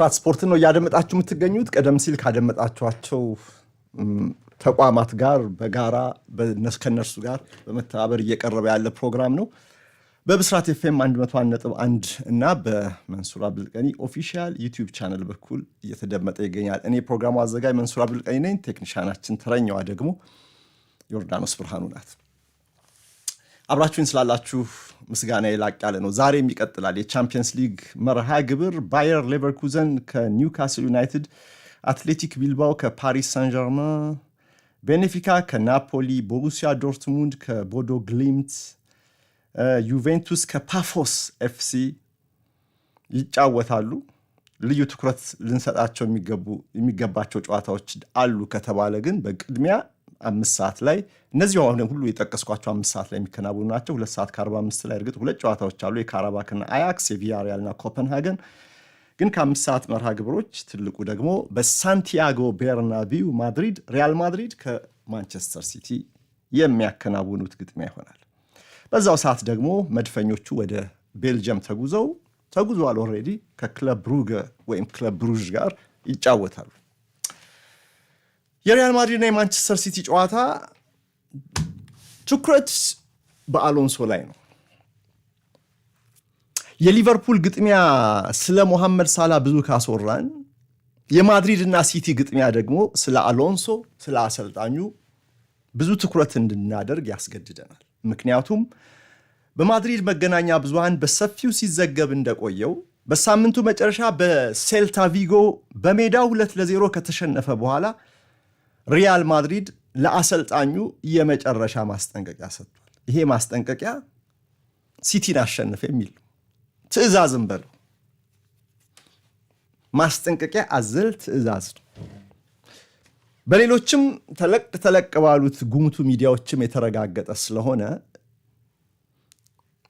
ብስራት ስፖርት ነው እያደመጣችሁ የምትገኙት። ቀደም ሲል ካደመጣችኋቸው ተቋማት ጋር በጋራ ከነርሱ ጋር በመተባበር እየቀረበ ያለ ፕሮግራም ነው። በብስራት ኤፍኤም 101.1 እና በመንሱር አብዱልቀኒ ኦፊሻል ዩቲዩብ ቻነል በኩል እየተደመጠ ይገኛል። እኔ ፕሮግራሙ አዘጋጅ መንሱር አብዱልቀኒ ነኝ። ቴክኒሻናችን ተረኛዋ ደግሞ ዮርዳኖስ ብርሃኑ ናት። አብራችሁን ስላላችሁ ምስጋና የላቅ ያለ ነው። ዛሬም ይቀጥላል የቻምፒየንስ ሊግ መርሃ ግብር። ባየር ሌቨርኩዘን ከኒውካስል ዩናይትድ፣ አትሌቲክ ቢልባው ከፓሪስ ሳን ጀርማ፣ ቤኔፊካ ከናፖሊ፣ ቦሩሲያ ዶርትሙንድ ከቦዶ ግሊምት፣ ዩቬንቱስ ከፓፎስ ኤፍሲ ይጫወታሉ። ልዩ ትኩረት ልንሰጣቸው የሚገባቸው ጨዋታዎች አሉ ከተባለ ግን በቅድሚያ አምስት ሰዓት ላይ እነዚህ አሁን ሁሉ የጠቀስኳቸው አምስት ሰዓት ላይ የሚከናወኑ ናቸው። ሁለት ሰዓት ከአርባ አምስት ላይ እርግጥ ሁለት ጨዋታዎች አሉ፣ የካራባክና አያክስ፣ የቪያሪያልና ኮፐንሃገን። ግን ከአምስት ሰዓት መርሃ ግብሮች ትልቁ ደግሞ በሳንቲያጎ ቤርናቢው ማድሪድ ሪያል ማድሪድ ከማንቸስተር ሲቲ የሚያከናውኑት ግጥሚያ ይሆናል። በዛው ሰዓት ደግሞ መድፈኞቹ ወደ ቤልጅየም ተጉዘው ተጉዘዋል ኦልሬዲ ከክለብ ብሩገ ወይም ክለብ ብሩዥ ጋር ይጫወታሉ። የሪያል ማድሪድና የማንቸስተር ሲቲ ጨዋታ ትኩረት በአሎንሶ ላይ ነው። የሊቨርፑል ግጥሚያ ስለ ሞሐመድ ሳላ ብዙ ካስወራን የማድሪድ እና ሲቲ ግጥሚያ ደግሞ ስለ አሎንሶ ስለ አሰልጣኙ ብዙ ትኩረት እንድናደርግ ያስገድደናል። ምክንያቱም በማድሪድ መገናኛ ብዙሃን በሰፊው ሲዘገብ እንደቆየው በሳምንቱ መጨረሻ በሴልታ ቪጎ በሜዳ ሁለት ለዜሮ ከተሸነፈ በኋላ ሪያል ማድሪድ ለአሰልጣኙ የመጨረሻ ማስጠንቀቂያ ሰጥቷል። ይሄ ማስጠንቀቂያ ሲቲን አሸንፍ የሚል ትዕዛዝም በለው ማስጠንቀቂያ አዘል ትዕዛዝ ነው። በሌሎችም ተለቅ ተለቅ ባሉት ጉምቱ ሚዲያዎችም የተረጋገጠ ስለሆነ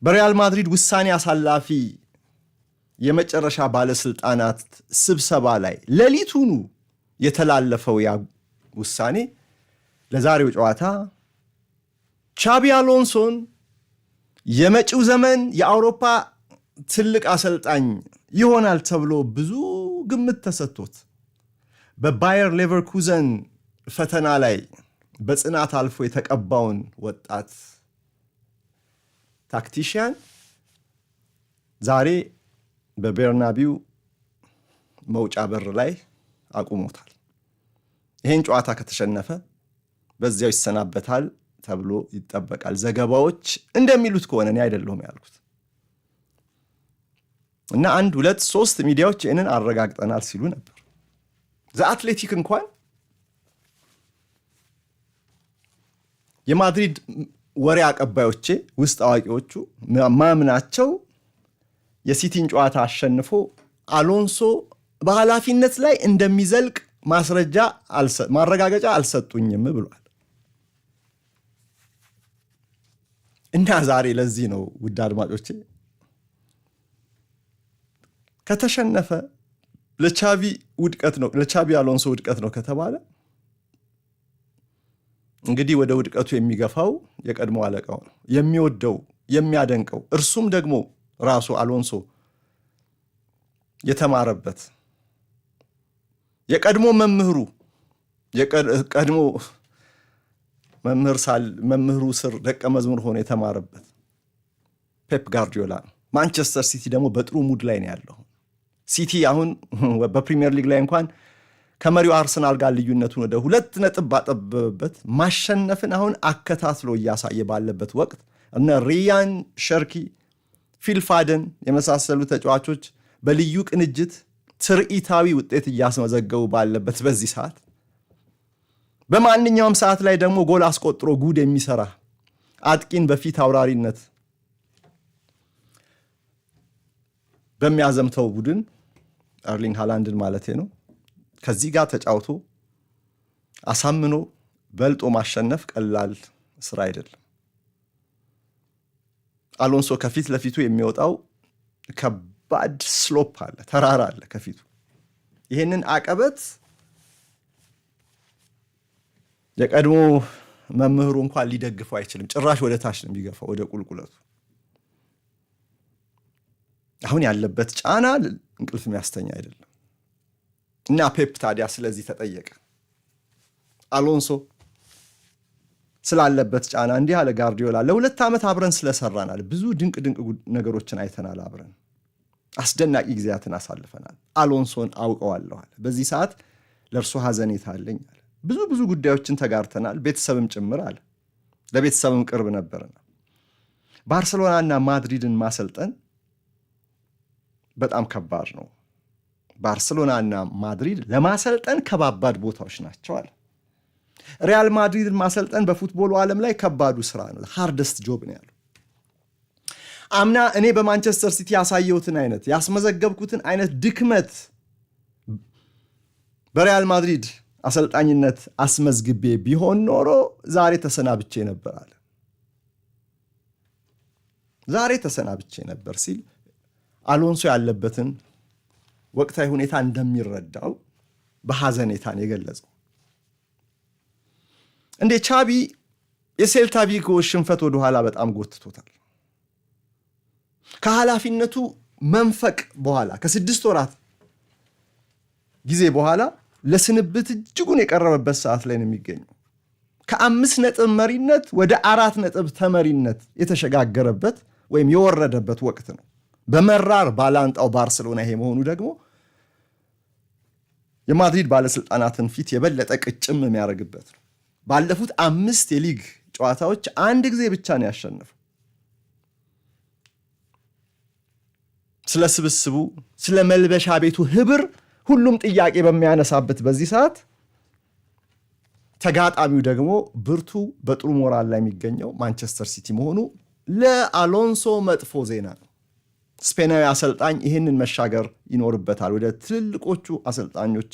በሪያል ማድሪድ ውሳኔ አሳላፊ የመጨረሻ ባለስልጣናት ስብሰባ ላይ ሌሊቱኑ የተላለፈው ውሳኔ ለዛሬው ጨዋታ ቻቢ አሎንሶን የመጪው ዘመን የአውሮፓ ትልቅ አሰልጣኝ ይሆናል ተብሎ ብዙ ግምት ተሰጥቶት በባየር ሌቨርኩዘን ፈተና ላይ በጽናት አልፎ የተቀባውን ወጣት ታክቲሽያን ዛሬ በቤርናቢው መውጫ በር ላይ አቁሞታል። ይህን ጨዋታ ከተሸነፈ በዚያው ይሰናበታል ተብሎ ይጠበቃል። ዘገባዎች እንደሚሉት ከሆነ እኔ አይደለሁም ያልኩት እና አንድ ሁለት ሶስት ሚዲያዎች ይህንን አረጋግጠናል ሲሉ ነበር። ዘአትሌቲክ እንኳን የማድሪድ ወሬ አቀባዮቼ ውስጥ አዋቂዎቹ ማምናቸው የሲቲን ጨዋታ አሸንፎ አሎንሶ በኃላፊነት ላይ እንደሚዘልቅ ማስረጃ ማረጋገጫ አልሰጡኝም ብሏል እና ዛሬ ለዚህ ነው ውድ አድማጮቼ ከተሸነፈ ለቻቪ ውድቀት ነው ለቻቪ አሎንሶ ውድቀት ነው ከተባለ እንግዲህ ወደ ውድቀቱ የሚገፋው የቀድሞ አለቃው ነው የሚወደው የሚያደንቀው እርሱም ደግሞ ራሱ አሎንሶ የተማረበት የቀድሞ መምህሩ የቀድሞ መምህር ሳል መምህሩ ስር ደቀ መዝሙር ሆኖ የተማረበት ፔፕ ጋርዲዮላ ነው። ማንቸስተር ሲቲ ደግሞ በጥሩ ሙድ ላይ ነው ያለው። ሲቲ አሁን በፕሪሚየር ሊግ ላይ እንኳን ከመሪው አርሰናል ጋር ልዩነቱን ወደ ሁለት ነጥብ ባጠበበበት ማሸነፍን አሁን አከታትሎ እያሳየ ባለበት ወቅት እነ ሪያን ሸርኪ፣ ፊልፋደን የመሳሰሉ ተጫዋቾች በልዩ ቅንጅት ትርኢታዊ ውጤት እያስመዘገቡ ባለበት በዚህ ሰዓት በማንኛውም ሰዓት ላይ ደግሞ ጎል አስቆጥሮ ጉድ የሚሰራ አጥቂን በፊት አውራሪነት በሚያዘምተው ቡድን ኤርሊንግ ሃላንድን ማለት ነው። ከዚህ ጋር ተጫውቶ አሳምኖ በልጦ ማሸነፍ ቀላል ስራ አይደለም። አሎንሶ ከፊት ለፊቱ የሚወጣው ከባድ ስሎፕ አለ፣ ተራራ አለ ከፊቱ። ይህንን አቀበት የቀድሞ መምህሩ እንኳን ሊደግፈው አይችልም። ጭራሽ ወደ ታች ነው የሚገፋው፣ ወደ ቁልቁለቱ። አሁን ያለበት ጫና እንቅልፍ የሚያስተኛ አይደለም። እና ፔፕ ታዲያ ስለዚህ ተጠየቀ። አሎንሶ ስላለበት ጫና እንዲህ አለ ጋርዲዮላ፣ ለሁለት ዓመት አብረን ስለሰራናል ብዙ ድንቅ ድንቅ ነገሮችን አይተናል አብረን አስደናቂ ጊዜያትን አሳልፈናል። አሎንሶን አውቀዋለኋል። በዚህ ሰዓት ለእርሱ ሐዘኔታ አለኝ አለ። ብዙ ብዙ ጉዳዮችን ተጋርተናል፣ ቤተሰብም ጭምር አለ። ለቤተሰብም ቅርብ ነበርና ባርሰሎናና ማድሪድን ማሰልጠን በጣም ከባድ ነው። ባርሰሎናና ማድሪድ ለማሰልጠን ከባባድ ቦታዎች ናቸው አለ። ሪያል ማድሪድን ማሰልጠን በፉትቦሉ ዓለም ላይ ከባዱ ስራ ነው፣ ሃርደስት ጆብ ነው ያሉ አምና እኔ በማንቸስተር ሲቲ ያሳየሁትን አይነት ያስመዘገብኩትን አይነት ድክመት በሪያል ማድሪድ አሰልጣኝነት አስመዝግቤ ቢሆን ኖሮ ዛሬ ተሰናብቼ ነበራል ዛሬ ተሰናብቼ ነበር ሲል አሎንሶ ያለበትን ወቅታዊ ሁኔታ እንደሚረዳው በሐዘኔታን የገለጸው እንዴ ቻቢ የሴልታ ቪጎ ሽንፈት ወደኋላ በጣም ጎትቶታል። ከኃላፊነቱ መንፈቅ በኋላ ከስድስት ወራት ጊዜ በኋላ ለስንብት እጅጉን የቀረበበት ሰዓት ላይ ነው የሚገኘው። ከአምስት ነጥብ መሪነት ወደ አራት ነጥብ ተመሪነት የተሸጋገረበት ወይም የወረደበት ወቅት ነው። በመራር ባላንጣው ባርሰሎና ይሄ መሆኑ ደግሞ የማድሪድ ባለስልጣናትን ፊት የበለጠ ቅጭም የሚያደርግበት ነው። ባለፉት አምስት የሊግ ጨዋታዎች አንድ ጊዜ ብቻ ነው ያሸነፈው። ስለ ስብስቡ፣ ስለ መልበሻ ቤቱ ህብር ሁሉም ጥያቄ በሚያነሳበት በዚህ ሰዓት ተጋጣሚው ደግሞ ብርቱ በጥሩ ሞራል ላይ የሚገኘው ማንቸስተር ሲቲ መሆኑ ለአሎንሶ መጥፎ ዜና ነው። ስፔናዊ አሰልጣኝ ይህንን መሻገር ይኖርበታል። ወደ ትልልቆቹ አሰልጣኞች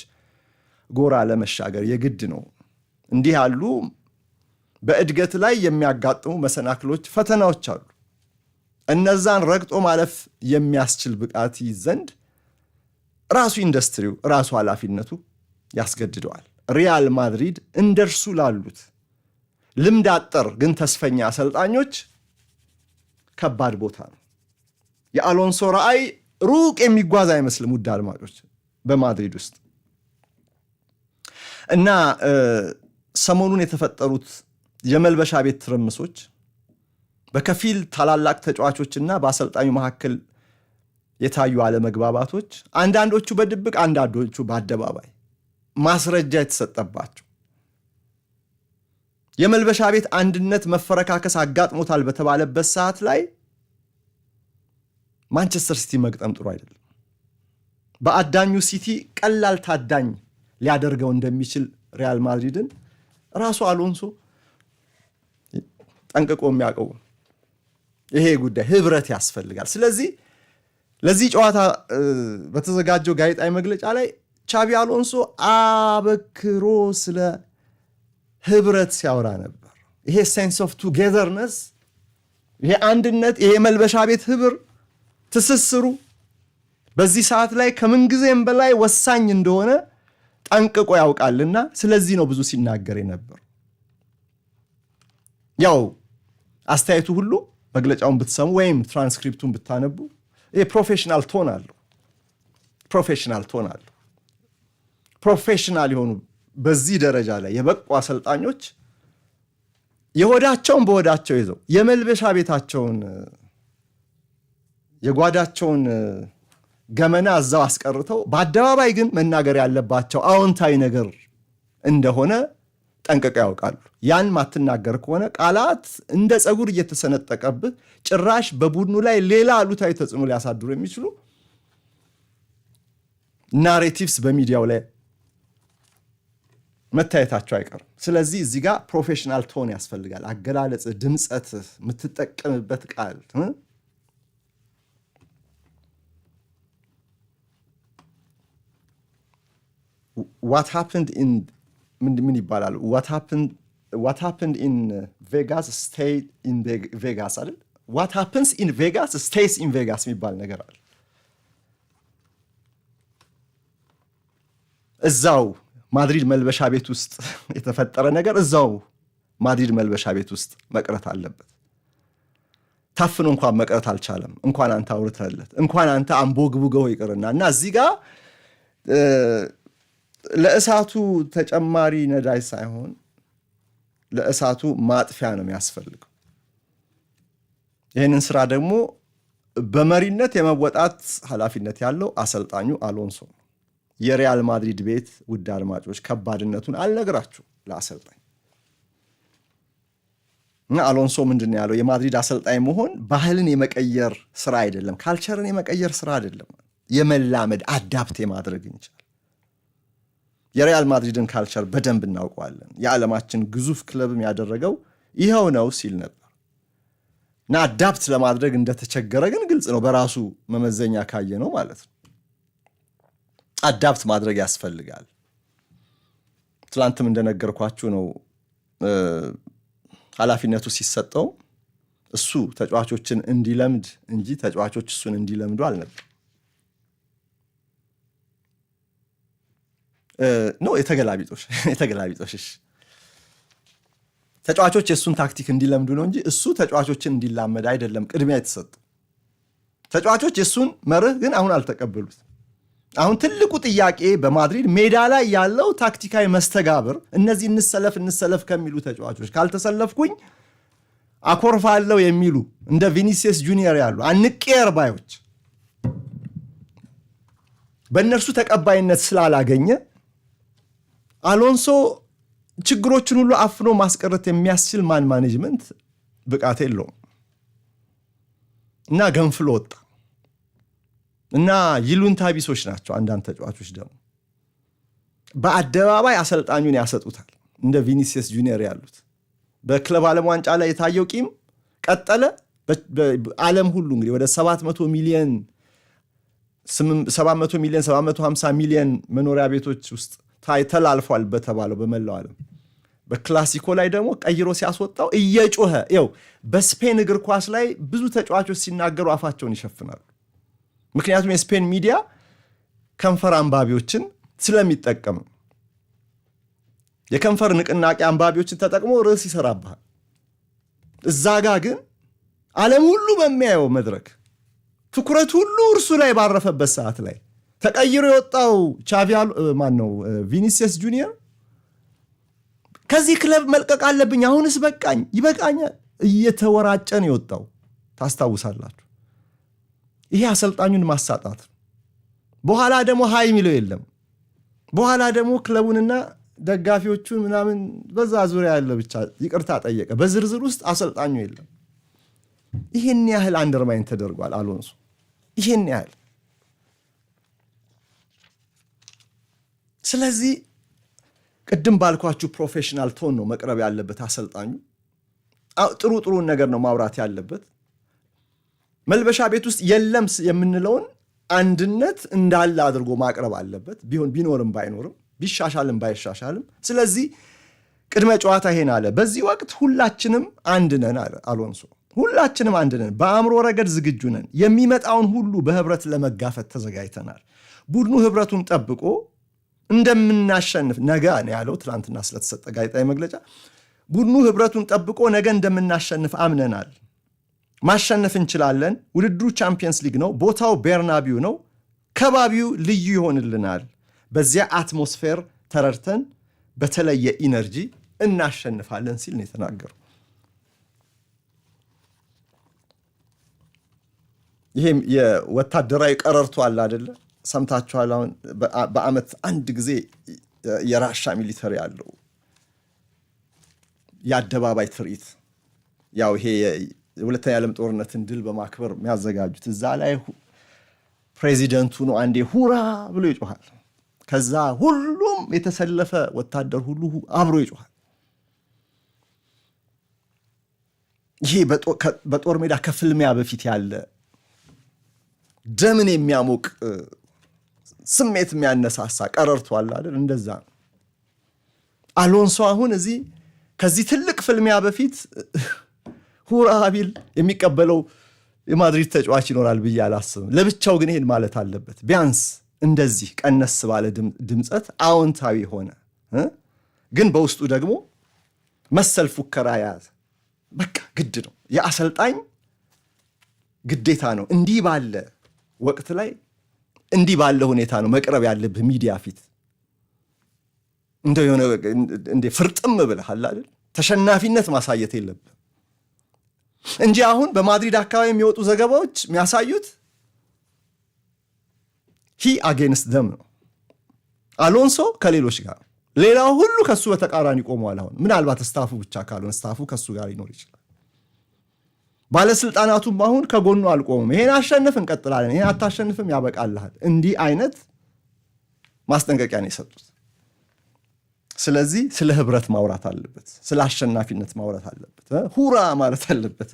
ጎራ ለመሻገር የግድ ነው። እንዲህ ያሉ በእድገት ላይ የሚያጋጥሙ መሰናክሎች፣ ፈተናዎች አሉ። እነዛን ረግጦ ማለፍ የሚያስችል ብቃት ይይዝ ዘንድ ራሱ ኢንዱስትሪው ራሱ ኃላፊነቱ ያስገድደዋል። ሪያል ማድሪድ እንደርሱ ላሉት ልምድ አጠር ግን ተስፈኛ አሰልጣኞች ከባድ ቦታ ነው። የአሎንሶ ራዕይ ሩቅ የሚጓዝ አይመስልም። ውድ አድማጮች በማድሪድ ውስጥ እና ሰሞኑን የተፈጠሩት የመልበሻ ቤት ትርምሶች በከፊል ታላላቅ ተጫዋቾችና በአሰልጣኙ መካከል የታዩ አለመግባባቶች፣ አንዳንዶቹ በድብቅ አንዳንዶቹ በአደባባይ ማስረጃ የተሰጠባቸው የመልበሻ ቤት አንድነት መፈረካከስ አጋጥሞታል በተባለበት ሰዓት ላይ ማንቸስተር ሲቲ መግጠም ጥሩ አይደለም። በአዳኙ ሲቲ ቀላል ታዳኝ ሊያደርገው እንደሚችል ሪያል ማድሪድን ራሱ አሎንሶ ጠንቅቆ የሚያውቀው ይሄ ጉዳይ ህብረት ያስፈልጋል። ስለዚህ ለዚህ ጨዋታ በተዘጋጀው ጋዜጣዊ መግለጫ ላይ ቻቢ አሎንሶ አበክሮ ስለ ህብረት ሲያወራ ነበር። ይሄ ሴንስ ኦፍ ቱጌዘርነስ፣ ይሄ አንድነት፣ ይሄ መልበሻ ቤት ህብር ትስስሩ በዚህ ሰዓት ላይ ከምንጊዜም በላይ ወሳኝ እንደሆነ ጠንቅቆ ያውቃልና ስለዚህ ነው ብዙ ሲናገር ነበር። ያው አስተያየቱ ሁሉ መግለጫውን ብትሰሙ ወይም ትራንስክሪፕቱን ብታነቡ የፕሮፌሽናል ቶን አለው። ፕሮፌሽናል ቶን አለው። ፕሮፌሽናል የሆኑ በዚህ ደረጃ ላይ የበቁ አሰልጣኞች የሆዳቸውን በሆዳቸው ይዘው የመልበሻ ቤታቸውን የጓዳቸውን ገመና እዛው አስቀርተው በአደባባይ ግን መናገር ያለባቸው አዎንታዊ ነገር እንደሆነ ጠንቅቀው ያውቃሉ። ያን ማትናገር ከሆነ ቃላት እንደ ፀጉር እየተሰነጠቀብህ ጭራሽ በቡድኑ ላይ ሌላ አሉታዊ ተጽዕኖ ሊያሳድሩ የሚችሉ ናሬቲቭስ በሚዲያው ላይ መታየታቸው አይቀርም። ስለዚህ እዚህ ጋር ፕሮፌሽናል ቶን ያስፈልጋል። አገላለጽ፣ ድምፀት፣ የምትጠቀምበት ቃል ዋት ሃፕንድ ምን ይባላል? ዋት ሀፕን ኢን ቬጋስ ስቴይ ኢን ቬጋስ አይደል? ዋት ሃፕንስ ኢን ቬጋስ ስቴይስ ኢን ቬጋስ የሚባል ነገር አለ። እዛው ማድሪድ መልበሻ ቤት ውስጥ የተፈጠረ ነገር እዛው ማድሪድ መልበሻ ቤት ውስጥ መቅረት አለበት። ታፍኖ እንኳን መቅረት አልቻለም። እንኳን አንተ አውርተለት እንኳን አንተ አንቦ ግቡገው ይቅርና እና እዚህ ጋር ለእሳቱ ተጨማሪ ነዳጅ ሳይሆን ለእሳቱ ማጥፊያ ነው የሚያስፈልገው። ይህንን ስራ ደግሞ በመሪነት የመወጣት ኃላፊነት ያለው አሰልጣኙ አሎንሶ ነው። የሪያል ማድሪድ ቤት ውድ አድማጮች ከባድነቱን አልነግራችሁ ለአሰልጣኝ እና አሎንሶ ምንድን ነው ያለው? የማድሪድ አሰልጣኝ መሆን ባህልን የመቀየር ስራ አይደለም፣ ካልቸርን የመቀየር ስራ አይደለም፣ የመላመድ አዳፕት የማድረግ እንችላል የሪያል ማድሪድን ካልቸር በደንብ እናውቀዋለን። የዓለማችን ግዙፍ ክለብም ያደረገው ይኸው ነው ሲል ነበር እና አዳፕት ለማድረግ እንደተቸገረ ግን ግልጽ ነው፣ በራሱ መመዘኛ ካየ ነው ማለት ነው። አዳፕት ማድረግ ያስፈልጋል። ትላንትም እንደነገርኳችሁ ነው ኃላፊነቱ ሲሰጠው እሱ ተጫዋቾችን እንዲለምድ እንጂ ተጫዋቾች እሱን እንዲለምዱ አልነበር። ኖ የተገላቢጦሽ ተጫዋቾች የእሱን ታክቲክ እንዲለምዱ ነው እንጂ እሱ ተጫዋቾችን እንዲላመድ አይደለም ቅድሚያ የተሰጡ ተጫዋቾች የእሱን መርህ ግን አሁን አልተቀበሉት አሁን ትልቁ ጥያቄ በማድሪድ ሜዳ ላይ ያለው ታክቲካዊ መስተጋብር እነዚህ እንሰለፍ እንሰለፍ ከሚሉ ተጫዋቾች ካልተሰለፍኩኝ አኮርፋለሁ የሚሉ እንደ ቪኒሲየስ ጁኒየር ያሉ አንቄ ባዮች በእነርሱ ተቀባይነት ስላላገኘ አሎንሶ ችግሮችን ሁሉ አፍኖ ማስቀረት የሚያስችል ማን ማኔጅመንት ብቃት የለውም እና ገንፍሎ ወጣ እና ይሉንታ ቢሶች ናቸው። አንዳንድ ተጫዋቾች ደግሞ በአደባባይ አሰልጣኙን ያሰጡታል። እንደ ቪኒሲየስ ጁኒየር ያሉት በክለብ ዓለም ዋንጫ ላይ የታየው ቂም ቀጠለ። ዓለም ሁሉ እንግዲህ ወደ 700 ሚሊዮን 700 ሚሊዮን 750 ሚሊዮን መኖሪያ ቤቶች ውስጥ አልፏል በተባለው በመላው ዓለም በክላሲኮ ላይ ደግሞ ቀይሮ ሲያስወጣው እየጮኸ ው በስፔን እግር ኳስ ላይ ብዙ ተጫዋቾች ሲናገሩ አፋቸውን ይሸፍናሉ። ምክንያቱም የስፔን ሚዲያ ከንፈር አንባቢዎችን ስለሚጠቀም የከንፈር ንቅናቄ አንባቢዎችን ተጠቅሞ ርዕስ ይሰራብሃል። እዛ ጋ ግን ዓለም ሁሉ በሚያየው መድረክ ትኩረት ሁሉ እርሱ ላይ ባረፈበት ሰዓት ላይ ተቀይሮ የወጣው ቻቪ ማን ነው? ቪኒሲየስ ጁኒየር ከዚህ ክለብ መልቀቅ አለብኝ፣ አሁንስ በቃኝ፣ ይበቃኛል እየተወራጨ ነው የወጣው። ታስታውሳላችሁ። ይሄ አሰልጣኙን ማሳጣት ነው። በኋላ ደግሞ ሀይ የሚለው የለም። በኋላ ደግሞ ክለቡንና ደጋፊዎቹን ምናምን በዛ ዙሪያ ያለ ብቻ ይቅርታ ጠየቀ። በዝርዝር ውስጥ አሰልጣኙ የለም። ይህን ያህል አንደርማይን ተደርጓል አሎንሶ ይህን ያህል ስለዚህ ቅድም ባልኳችሁ ፕሮፌሽናል ቶን ነው መቅረብ ያለበት። አሰልጣኙ ጥሩ ጥሩን ነገር ነው ማውራት ያለበት። መልበሻ ቤት ውስጥ የለም የምንለውን አንድነት እንዳለ አድርጎ ማቅረብ አለበት። ቢሆን ቢኖርም ባይኖርም ቢሻሻልም ባይሻሻልም። ስለዚህ ቅድመ ጨዋታ ይሄን አለ። በዚህ ወቅት ሁላችንም አንድነን አለ አሎንሶ። ሁላችንም አንድነን በአእምሮ ረገድ ዝግጁ ነን። የሚመጣውን ሁሉ በህብረት ለመጋፈት ተዘጋጅተናል። ቡድኑ ህብረቱን ጠብቆ እንደምናሸንፍ ነገ ያለው ትላንትና ስለተሰጠ ጋዜጣዊ መግለጫ ቡድኑ ህብረቱን ጠብቆ ነገ እንደምናሸንፍ አምነናል። ማሸነፍ እንችላለን። ውድድሩ ቻምፒየንስ ሊግ ነው። ቦታው ቤርናቢው ነው። ከባቢው ልዩ ይሆንልናል። በዚያ አትሞስፌር ተረድተን በተለየ ኢነርጂ እናሸንፋለን ሲል ነው የተናገሩ። ይህም የወታደራዊ ቀረርቶ አለ አደለ ሰምታችኋል። አሁን በአመት አንድ ጊዜ የራሻ ሚሊተሪ አለው የአደባባይ ትርኢት፣ ያው ይሄ የሁለተኛ ዓለም ጦርነትን ድል በማክበር የሚያዘጋጁት እዛ ላይ ፕሬዚደንቱ ነው አንዴ ሁራ ብሎ ይጮኋል። ከዛ ሁሉም የተሰለፈ ወታደር ሁሉ አብሮ ይጮኋል። ይሄ በጦር ሜዳ ከፍልሚያ በፊት ያለ ደምን የሚያሞቅ ስሜት የሚያነሳሳ ቀረርቷል አይደል? እንደዛ ነው። አሎንሶ አሁን እዚህ ከዚህ ትልቅ ፍልሚያ በፊት ሁራ ቢል የሚቀበለው የማድሪድ ተጫዋች ይኖራል ብዬ አላስብም። ለብቻው ግን ይሄን ማለት አለበት። ቢያንስ እንደዚህ ቀነስ ባለ ድምፀት አዎንታዊ ሆነ፣ ግን በውስጡ ደግሞ መሰል ፉከራ የያዘ በቃ ግድ ነው የአሰልጣኝ ግዴታ ነው እንዲህ ባለ ወቅት ላይ እንዲህ ባለ ሁኔታ ነው መቅረብ ያለብህ ሚዲያ ፊት። እንደ የሆነ እንደ ፍርጥም ብለህ አይደል ተሸናፊነት ማሳየት የለብህ እንጂ አሁን በማድሪድ አካባቢ የሚወጡ ዘገባዎች የሚያሳዩት ሂ አጌንስት ደም ነው። አሎንሶ ከሌሎች ጋር፣ ሌላው ሁሉ ከሱ በተቃራኒ ቆመዋል አሁን ምናልባት ስታፉ ብቻ ካልሆነ ስታፉ ከሱ ጋር ሊኖር ይችላል። ባለስልጣናቱም አሁን ከጎኑ አልቆሙም። ይሄን አሸንፍ እንቀጥላለን፣ ይሄን አታሸንፍም ያበቃልሃል፣ እንዲህ አይነት ማስጠንቀቂያ ነው የሰጡት። ስለዚህ ስለ ህብረት ማውራት አለበት፣ ስለ አሸናፊነት ማውራት አለበት፣ ሁራ ማለት አለበት።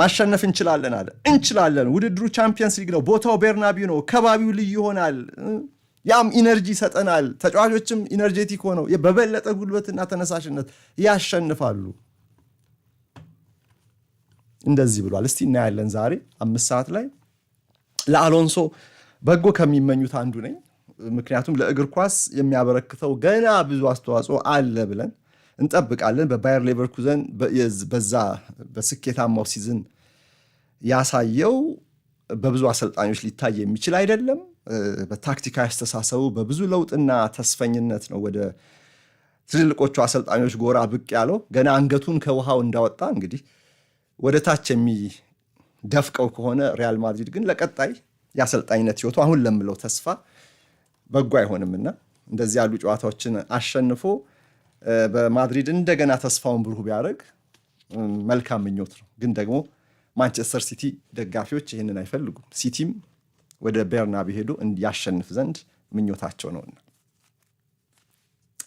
ማሸነፍ እንችላለን አለ። እንችላለን። ውድድሩ ቻምፒየንስ ሊግ ነው። ቦታው ቤርናቢው ነው። ከባቢው ልዩ ይሆናል። ያም ኢነርጂ ይሰጠናል። ተጫዋቾችም ኢነርጄቲክ ሆነው በበለጠ ጉልበትና ተነሳሽነት ያሸንፋሉ። እንደዚህ ብሏል። እስቲ እናያለን። ዛሬ አምስት ሰዓት ላይ ለአሎንሶ በጎ ከሚመኙት አንዱ ነኝ። ምክንያቱም ለእግር ኳስ የሚያበረክተው ገና ብዙ አስተዋጽኦ አለ ብለን እንጠብቃለን። በባየር ሌቨርኩዘን በዛ በስኬታማው ሲዝን ያሳየው በብዙ አሰልጣኞች ሊታይ የሚችል አይደለም። በታክቲካ ያስተሳሰቡ በብዙ ለውጥና ተስፈኝነት ነው ወደ ትልልቆቹ አሰልጣኞች ጎራ ብቅ ያለው። ገና አንገቱን ከውሃው እንዳወጣ እንግዲህ ወደ ታች የሚደፍቀው ከሆነ ሪያል ማድሪድ ግን ለቀጣይ የአሰልጣኝነት ህይወቱ አሁን ለምለው ተስፋ በጎ እና እንደዚህ ያሉ ጨዋታዎችን አሸንፎ በማድሪድ እንደገና ተስፋውን ብሩህ ቢያደርግ መልካም ምኞት ነው። ግን ደግሞ ማንቸስተር ሲቲ ደጋፊዎች ይህንን አይፈልጉም። ሲቲም ወደ ቤርናቢ ሄዶ ያሸንፍ ዘንድ ምኞታቸው ነውና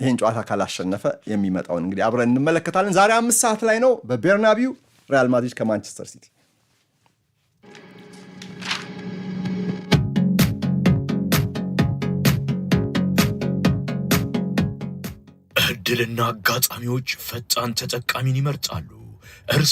ይህን ጨዋታ ካላሸነፈ የሚመጣውን እንግዲህ አብረን እንመለከታለን። ዛሬ አምስት ሰዓት ላይ ነው በቤርናቢው ሪያል ማድሪድ ከማንቸስተር ሲቲ እድልና አጋጣሚዎች ፈጣን ተጠቃሚን ይመርጣሉ።